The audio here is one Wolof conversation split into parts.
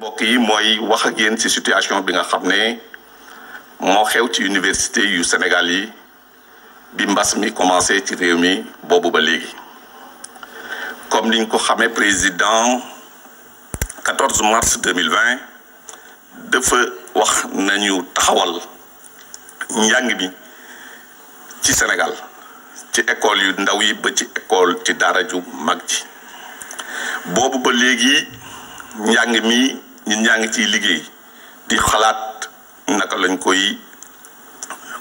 mbokk yi mooy wax ak yéen ci situation bi nga xam ne moo xew ci université yu Sénégal yi bi mbas mi commencé ci réew mi boobu ba léegi comme niñ ko xamee président 14 mars 2020 dafa wax nañu taxawal njàng bi ci Sénégal ci école yu ndaw yi ba ci école ci daara ju mag ji boobu mi ñun ñaa ngi ciy liggéey di xalaat naka lañ koy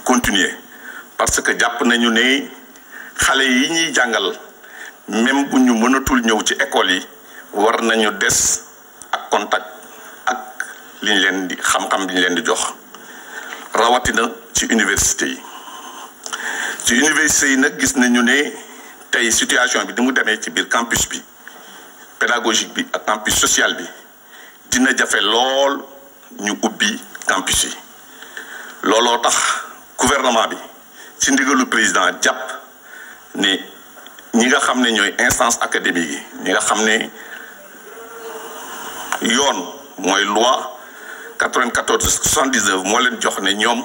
continuer parce que jàpp nañu ne xale yi ñuy jàngal même bu ñu mënatul ñëw ci école yi war nañu des ak contact ak li leen di xam-xam bi leen di jox rawatina ci université yi ci université yi nag gis nañu ne tey situation bi di mu demee ci biir campus bi pédagogique bi ak campus sociale bi dina jafe lool ñu ubbi campus looloo tax gouvernement bi ci ndigalu président jàpp ni ñi nga xam ne ñooy instance académique yi ñi nga xam ne yoon mooy loi 94 79 moo leen jox ne ñoom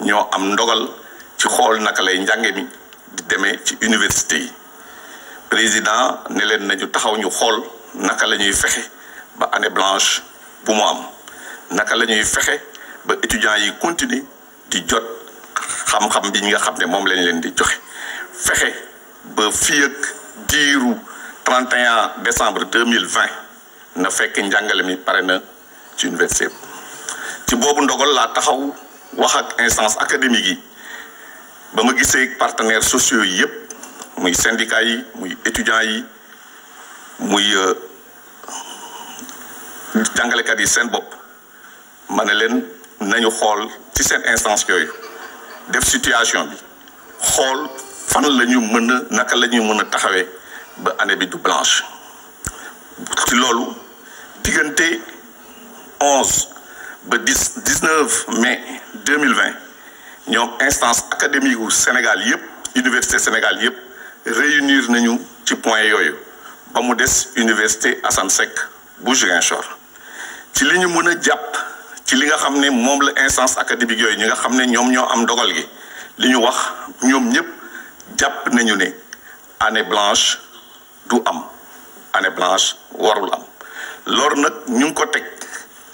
ñoo am ndogal ci xool naka lay njànge mi di demee ci université yi président ne leen nañu taxaw ñu xool naka la ñuy fexe ba année blanche bu mu am naka la ñuy fexe ba étudiants yi continuer di jot xam-xam bi ñi nga xam ne moom lañ leen di joxe fexe ba fii ak diiru 31 décembre 2020 na fekk njàngale mi pare na ci université ci boobu ndogal laa taxaw wax ak instance académique yi ba ma gisee partenaires sociaux yi yëpp muy syndicats yi muy étudiants yi muy euh, jàngalekat yi seen bopp ma ne leen nañu xool ci seen instance yooyu def situation bi xool fan lañu mën a naka lañuy mën a taxawee ba année bi du blanche loolu diggante onze ba dix dix-neuf mai deux mille vingt ñoom instance académique wu Sénégal yëpp université Sénégal yëpp réunir nañu ci point yooyu ba mu des université Assane Seck bu Ziguinchor ci li ñu mën a jàpp ci li nga xam ne moom la instance académique yooyu ñi nga xam ne ñoom ñoo am dogal gi li ñu wax ñoom ñëpp jàpp nañu ne année blanche du am année blanche warul am loolu nag ñu ngi ko teg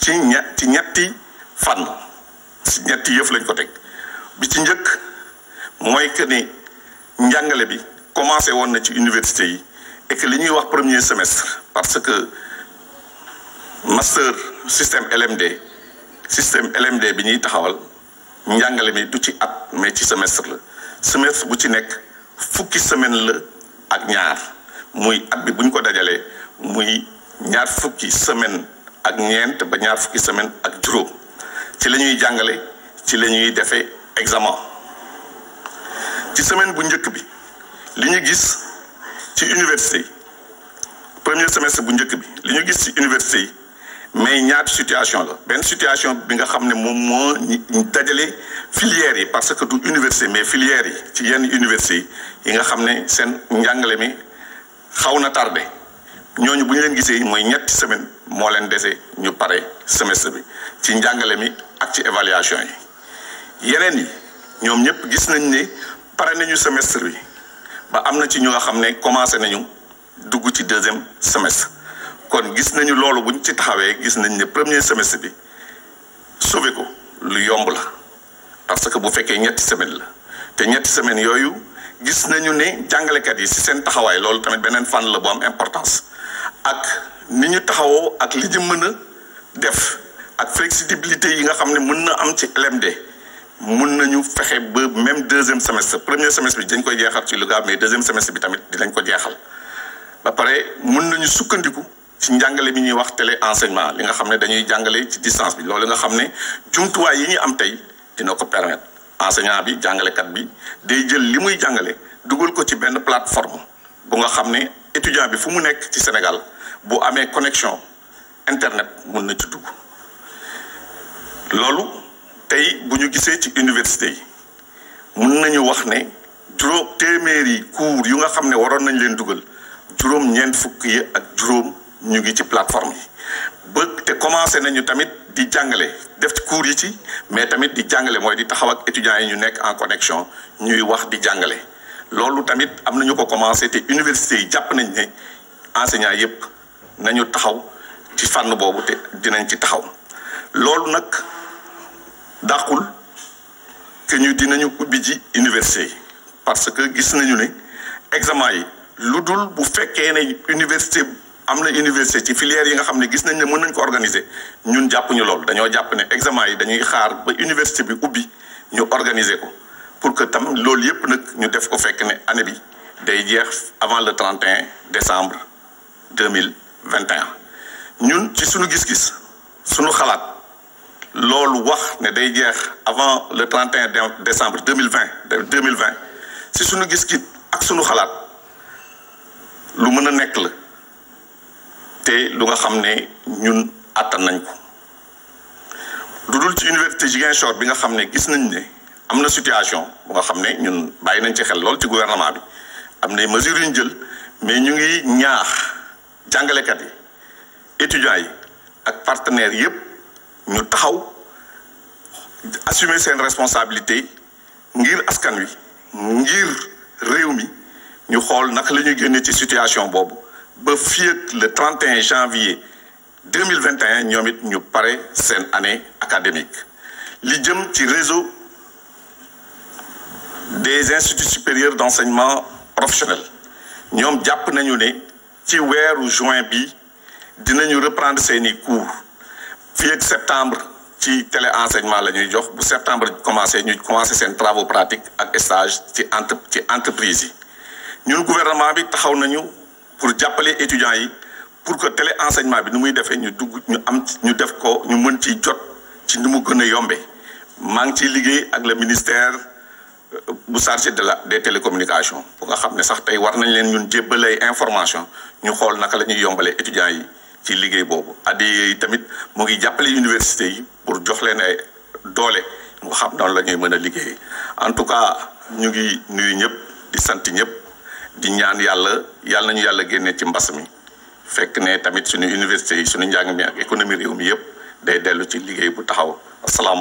ci ña ci ñetti fan ci ñetti yëf lañ ko teg bi ci njëkk mooy que ni njàngale bi commencé woon na ci université yi et li ñuy wax premier semestre parce que master système LMD système LMD bi ñuy taxawal njàngale mi du ci ab mais ci semestre la semestre bu ci nekk fukki semaine la ak ñaar muy at bi bu ko dajalee muy ñaar fukki semaine ak ñeent ba ñaar fukki semaine ak juróom ci la ñuy jàngale ci la ñuy defee examen ci semaine bu njëkk bi li ñu gis ci université yi premier semestre bu njëkk bi li ñu gis ci université yi mais ñaar situation la benn situation bi nga xam ne moom moo ñu dajale filières yi parce que du université mais filières yi ci yenn université yi nga xam ne seen njàngale mi xaw na tardé ñooñu bu ñu leen gisee mooy ñetti semaine moo leen dese ñu pare semestre bi ci njàngale mi ak ci évaluation yi yeneen yi ñoom ñëpp gis nañ ni pare nañu semestre bi ba am na ci ñu nga xam ne commencé nañu dugg ci deuxième semestre. kon gis nañu loolu buñ ci taxawee gis nañ ne premier semestre bi sauvé ko lu yomb la parce que bu fekkee ñetti semaine la te ñetti semaine yooyu gis nañu ne jàngalekat yi si seen taxawaay loolu tamit beneen fànn la bu am importance ak ni ñu taxawoo ak li ñu mën a def ak flexibilité yi nga xam ne mën na am ci LMD mën nañu fexe ba même deuxième semestre premier semestre bi dañ koy jeexal ci Louga mais deuxième semestre bi tamit dinañ ko jeexal ba pare nañu sukkandiku. ci njàngale bi ñuy wax télé enseignement li nga xam ne dañuy jàngale ci distance bi loolu nga xam ne jumtuwaay yi ñu am tey dina ko permettre enseignant bi jàngalekat bi day jël li muy jàngale dugal ko ci benn plateforme bu nga xam ne étudiant bi fu mu nekk ci Sénégal bu amee connexion internet mun na ci dugg loolu tey bu gisee ci université yi mun nañu wax ne juróom téeméeri cours yu nga xam ne waroon nañ leen dugal juróom ñeent fukk yi ak juróom ñu ngi ci plateforme yi ba te commencé nañu tamit di jàngale def ci cours yi ci mais tamit di jàngale mooy di taxaw ak étudiants yi ñu nekk en connexion ñuy wax di jàngale loolu tamit am nañu ko commencé te université yi jàpp nañu ne enseignants yépp nañu taxaw ci fànn boobu te dinañ ci taxaw loolu nag dàqul que ñu dinañu ubbi ji université parce que gis nañu ne examen yi lu dul bu fekkee ne université am na université ci filière yi nga xam ne gis nañ ne mën nañ ko organiser ñun jàpp ñu lool dañoo jàpp ne examen yi dañuy xaar ba université bi ubbi ñu organiser ko pour que tam loolu yëpp nag ñu def ko fekk ne année yi day jeex avant le 31 décembre 2021 ñun ci suñu gis-gis suñu xalaat loolu wax ne day jeex avant le 31 décembre 2020 2020 ci suñu gis-gis ak suñu xalaat lu mën a nekk la te lu nga xam ne ñun àttan nañ ko lu dul ci université Ziguinchor bi nga xam ne gis nañ ne am na situation bu nga xam ne ñun bàyyi nañ ci xel lool ci gouvernement bi am na mesures yu ñu jël mais ñu ngi ñaax jàngalekat yi étudiants yi ak partenaires yëpp ñu taxaw assumer seen responsabilité ngir askan wi ngir réew mi ñu xool naka lañuy ñuy génne ci situation boobu ba fii ak le 31 janvier 2021 ñoom it ñu pare seen année académique li jëm ci réseau des instituts supérieurs d'enseignement professionnel ñoom jàpp nañu ne ci weeru juin bi dinañu reprendre seeni cours fii ak septembre ci téléenseignement la ñuy jox bu septembre commencé ñu commencé seen travaux pratiques ak stage ci entre ci entreprise yi ñun gouvernement bi taxaw nañu pour jàppale étudiants yi pour que télé enseignement bi ni muy defee ñu dugg ñu am ñu def ko ñu mën ci jot ci ni mu gën a yombe maa ngi ciy liggéey ak le ministère euh, bu chargé de la des télécommunications. bu nga xam ne sax tey war nañ leen ñun jébbalay information ñu xool naka la ñuy yombalee étudiants yi ci liggéey boobu. adhéré yi tamit mu ngi jàppale université yi pour jox leen doole nga xam noonu la mën a liggéey en tout cas ñu ngi nuyu ñëpp di sant ñëpp. di ñaan yàlla yàlla ñu yàlla génnee ci mbas mi fekk ne tamit suñu université yi suñu njàng mi ak économie réew mi yëpp day dellu ci liggéey bu taxaw asalaamaaleykum